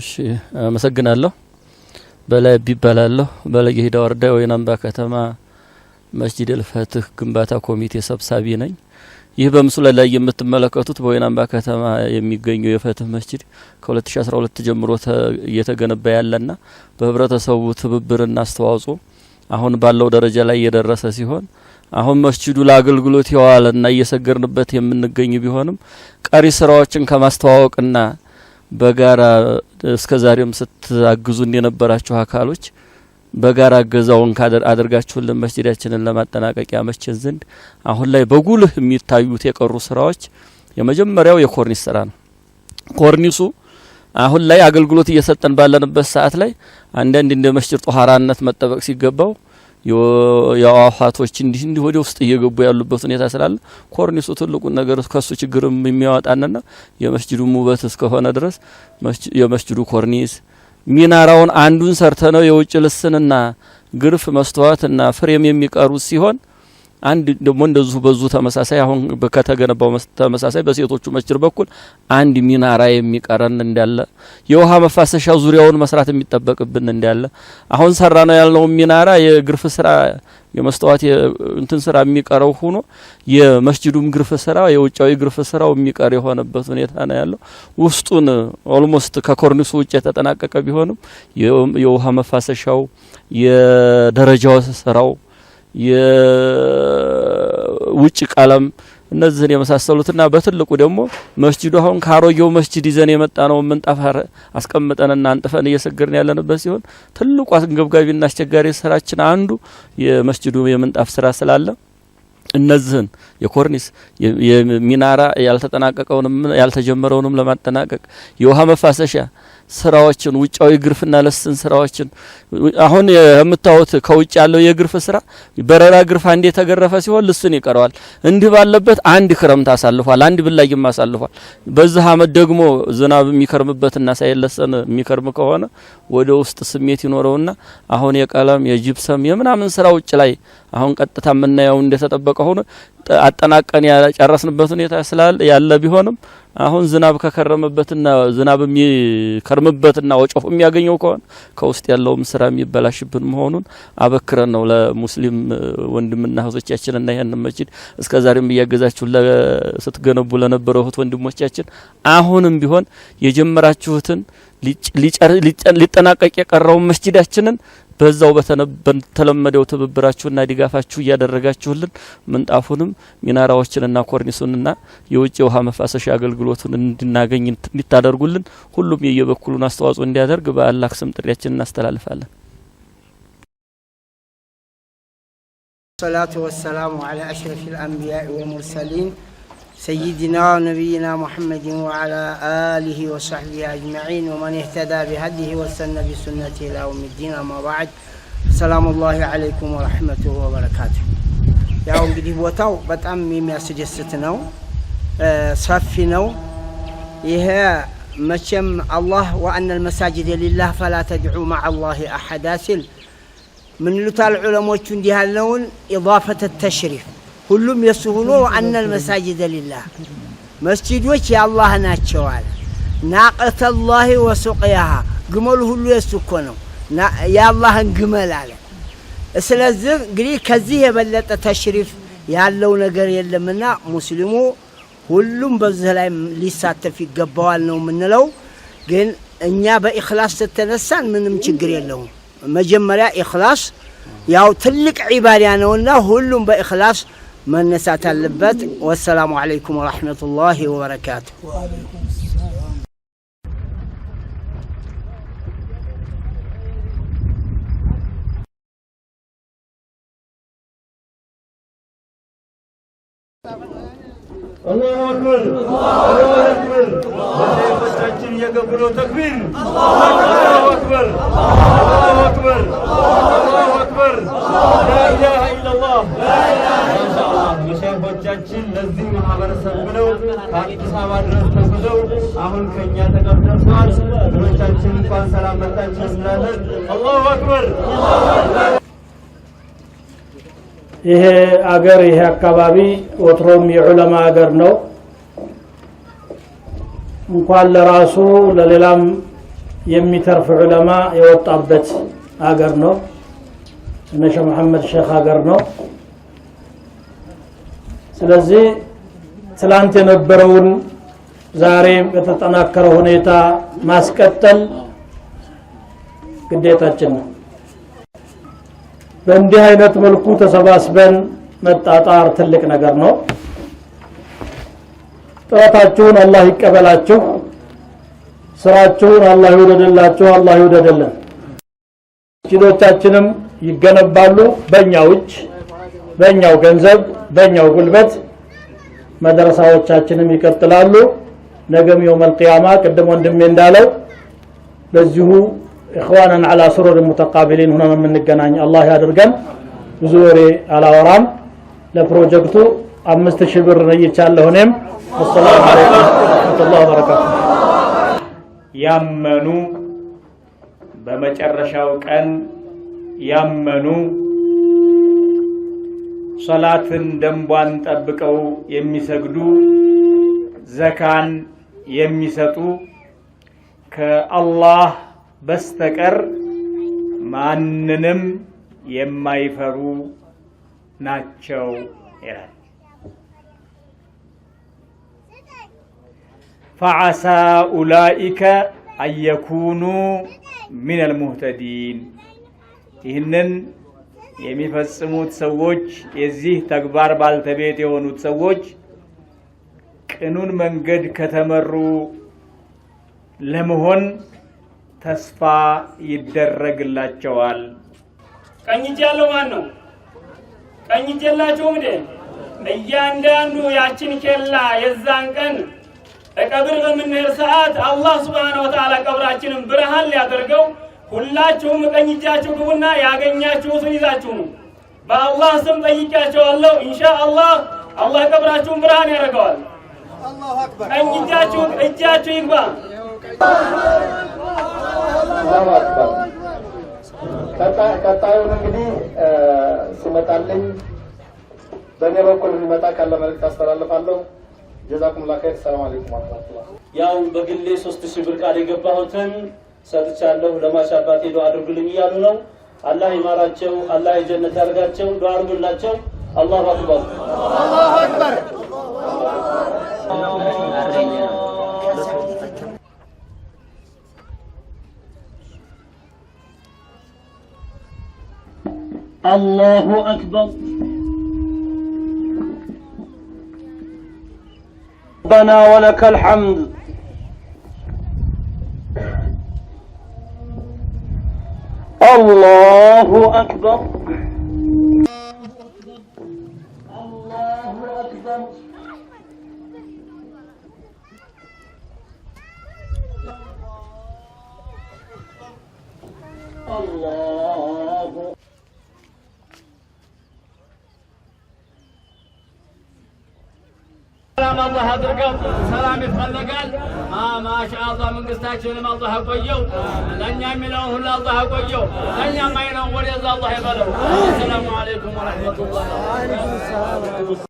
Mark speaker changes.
Speaker 1: እሺ አመሰግናለሁ። በላይ እባላለሁ። በለጌሂዳ ወረዳ ወይናምባ ከተማ መስጂድ ልፈትህ ግንባታ ኮሚቴ ሰብሳቢ ነኝ። ይህ በምስሉ ላይ የምትመለከቱት በወይናምባ ከተማ የሚገኘው የፈትህ መስጂድ ከ2012 ጀምሮ እየተገነባ ያለና በህብረተሰቡ ትብብርና አስተዋጽኦ አሁን ባለው ደረጃ ላይ የደረሰ ሲሆን አሁን መስጂዱ ለአገልግሎት የዋለና እየሰገርንበት የምንገኝ ቢሆንም ቀሪ ስራዎችን ከማስተዋወቅና በጋራ እስከ ዛሬም ስታግዙን የነበራችሁ አካሎች በጋራ እገዛውን አድርጋችሁልን መስጂዳችንን ለማጠናቀቅ ያመቸን ዘንድ አሁን ላይ በጉልህ የሚታዩት የቀሩ ስራዎች የመጀመሪያው የኮርኒስ ስራ ነው። ኮርኒሱ አሁን ላይ አገልግሎት እየሰጠን ባለንበት ሰዓት ላይ አንዳንድ እንደ መስጂድ ጦሃራነት መጠበቅ ሲገባው የአዋፋቶች እንዲህ እንዲህ ወደ ውስጥ እየገቡ ያሉበት ሁኔታ ስላለ ኮርኒሱ ትልቁን ነገር ከሱ ችግርም የሚያወጣንና የመስጅዱም ውበት እስከሆነ ድረስ የመስጅዱ ኮርኒስ ሚናራውን አንዱን ሰርተነው የውጭ ልስንና ግርፍ መስተዋትና ፍሬም የሚቀሩ ሲሆን አንድ ደግሞ እንደዙ በዙ ተመሳሳይ አሁን ከተገነባው ተመሳሳይ በሴቶቹ መስጅድ በኩል አንድ ሚናራ የሚቀረን እንዳለ የውሃ መፋሰሻ ዙሪያውን መስራት የሚጠበቅብን እንዳለ አሁን ሰራ ነው ያልነው ሚናራ የግርፍ ስራ የመስተዋት እንትን ስራ የሚቀረው ሆኖ የመስጅዱም ግርፍ ስራ የውጫዊ ግርፍ ስራው የሚቀር የሆነበት ሁኔታ ነው ያለው። ውስጡን ኦልሞስት ከኮርኒሱ ውጭ የተጠናቀቀ ቢሆንም የውሃ መፋሰሻው የደረጃው ስራው የውጭ ቀለም እነዚህን የመሳሰሉትና በትልቁ ደግሞ መስጂዱ አሁን ካሮጌው መስጂድ ይዘን የመጣ ነው ምንጣፍ አስቀምጠንና አንጥፈን እየሰገድን ያለንበት ሲሆን ትልቁ አንገብጋቢና አስቸጋሪ ስራችን አንዱ የመስጂዱ የምንጣፍ ስራ ስላለ እነዚህን የኮርኒስ የሚናራ ያልተጠናቀቀውንም ያልተጀመረውንም ለማጠናቀቅ የውሃ መፋሰሻ ስራዎችን ውጫዊ ግርፍና ለስን ስራዎችን አሁን የምታዩት ከውጭ ያለው የግርፍ ስራ በረራ ግርፍ አንድ የተገረፈ ሲሆን ልስን ይቀረዋል። እንዲህ ባለበት አንድ ክረምት አሳልፏል፣ አንድ ብላጊም አሳልፏል። በዚህ አመት ደግሞ ዝናብ የሚከርምበትና ሳይለሰን የሚከርም ከሆነ ወደ ውስጥ ስሜት ይኖረውና አሁን የቀለም የጅብሰም የምናምን ስራ ውጭ ላይ አሁን ቀጥታ የምናየው እንደተጠበቀ ሆኖ አጠናቀን ያጨረስንበት ሁኔታ ስላለ ያለ ቢሆንም አሁን ዝናብ ከከረመበትና ዝናብ የሚከርምበትና ወጮፍ የሚያገኘው ከሆነ ከውስጥ ያለውም ስራ የሚበላሽብን መሆኑን አበክረን ነው ለሙስሊም ወንድምና እህቶቻችንና ይህን መስጂድ እስከዛሬም እያገዛችሁ ስትገነቡ ለነበረው እህት ወንድሞቻችን አሁንም ቢሆን የጀመራችሁትን ሊጠናቀቅ የቀረውን መስጂዳችንን በዛው በተለመደው ትብብራችሁና ድጋፋችሁ እያደረጋችሁልን ምንጣፉንም ሚናራዎችንና ኮርኒሱንና የውጭ የውሃ መፋሰሻ አገልግሎቱን እንድናገኝ እንዲታደርጉልን ሁሉም የየበኩሉን አስተዋጽኦ እንዲያደርግ በአላህ ስም ጥሪያችን እናስተላልፋለን።
Speaker 2: ሰላቱ ወሰላሙ አላ ወልሙርሰሊን سيدنا ونبينا محمد وعلى آله وصحبه أجمعين ومن اهتدى بهده وسن بسنته إلى يوم الدين أما بعد سلام الله عليكم ورحمة وبركاته يا أمي بوتاو بتأمي ما سجستنا صفنا إيه مشم الله وأن المساجد لله فلا تدعوا مع الله أحدا من لطال العلماء تندي هالنون إضافة التشريف ሁሉም የእሱ ሆኖ አነል መሳጅደ ሊላህ መስጂዶች የአላህ ናቸው አለ። ናቀተላሂ ወሱቅያሃ ግመሉ ሁሉ የእሱ እኮ ነው፣ የአላህን ግመል አለ። ስለዚህ እንግዲህ ከዚህ የበለጠ ተሽሪፍ ያለው ነገር የለምና ሙስሊሙ ሁሉም በዚህ ላይ ሊሳተፍ ይገባዋል ነው የምንለው። ግን እኛ በኢኽላስ ስተነሳን ምንም ችግር የለውም። መጀመሪያ ኢኽላስ ያው ትልቅ ዒባዳ ነውና ሁሉም በኢኽላስ من نسات اللبات والسلام عليكم ورحمة الله وبركاته الله أكبر الله أكبر الله أكبر الله أكبر الله أكبر الله أكبر الله أكبر
Speaker 3: الله أكبر الله أكبر الله أكبر لا إله إلا الله لا إله إلا الله ወላጆቻችን ለዚህ ማህበረሰብ ብለው ከአዲስ አበባ ድረስ ተጉዘው አሁን ከእኛ ተቀምጠዋል። ልጆቻችን እንኳን ሰላም መጣችሁ እንላለን። አላሁ አክበር። ይሄ አገር ይሄ አካባቢ ወትሮም የዑለማ አገር ነው። እንኳን ለራሱ ለሌላም የሚተርፍ ዑለማ የወጣበት አገር ነው። እነ ሸህ መሐመድ ሼክ አገር ነው። ስለዚህ ትላንት የነበረውን ዛሬ በተጠናከረ ሁኔታ ማስቀጠል ግዴታችን ነው በእንዲህ አይነት መልኩ ተሰባስበን መጣጣር ትልቅ ነገር ነው ጥረታችሁን አላህ ይቀበላችሁ ስራችሁን አላህ ይውደድላችሁ አላህ ይውደድልን መስጊዶቻችንም ይገነባሉ በእኛ ውጭ በእኛው ገንዘብ በእኛው ጉልበት መድረሳዎቻችንም ይቀጥላሉ ነገም የውመል ቂያማ ቅድም ወንድሜ እንዳለው በዚሁ ኢኽዋናን አላ ሱሩር ሙተቃቢሊን ሆነ የምንገናኝ አላህ ያድርገን ብዙ ወሬ አላወራም ለፕሮጀክቱ አምስት ሺህ ብር ነይቻለሁ እኔም ወሰላሙ አለይኩም ወረህመቱላሂ ወበረካቱ
Speaker 4: ያመኑ በመጨረሻው ቀን ያመኑ ሰላትን ደንቧን ጠብቀው የሚሰግዱ ዘካን የሚሰጡ ከአላህ በስተቀር ማንንም የማይፈሩ ናቸው ይላል። ፈዓሳ ኡላኢከ አየኩኑ ሚነል ሙህተዲን ይህንን የሚፈጽሙት ሰዎች የዚህ ተግባር ባልተቤት የሆኑት ሰዎች ቅኑን መንገድ ከተመሩ ለመሆን ተስፋ ይደረግላቸዋል።
Speaker 5: ቀኝ እጅ ያለው ማን ነው? ቀኝ እጅ የላቸውም እያንዳንዱ ያችን ኬላ የዛን ቀን ለቀብር በምንሄድ ሰዓት አላህ ሱብሓነሁ ወተዓላ ቀብራችንን ብርሃን ሊያደርገው ሁላችሁም ቀኝ እጃችሁ ግቡና ያገኛችሁትን ይዛችሁ ነው። በአላህ ስም ጠይቂያቸዋለሁ። ኢንሻ አላህ አላህ ቀብራችሁን ብርሃን ያደርገዋል። ቀኝ እጃችሁ እጃችሁ ይግባ።
Speaker 6: ቀጣዩን እንግዲህ ሲመጣልኝ በእኔ በኩል የሚመጣ ካለ መልዕክት አስተላልፋለሁ። ጀዛኩም ላ ሰላም አለይኩም
Speaker 7: ያው በግሌ ሶስት ሺህ ብር ቃል የገባሁትን ሰጥቻለሁ ለማሽ አባቴ ዱዓ አድርጉልኝ እያሉ ነው። አላህ ይማራቸው፣ አላህ የጀነት ያርጋቸው። ዱዓ አድርጉላቸው። አላሁ አክበር፣ አላሁ አክበር።
Speaker 8: አላሁ አክበር። ረበና ወለከል ሐምድ الله أكبر الله أكبر
Speaker 9: الله አድርገው ሰላም ይፈልጋል። ማሻ አላህ መንግስታችንም አላህ አቆየው። ለእኛ የሚለውን ሁሉ አላህ አቆየው። ለእኛ ማይነው ወደዛ አላህ ይበለው።
Speaker 10: ሰላሙ አለይኩም ወረሕመቱላህ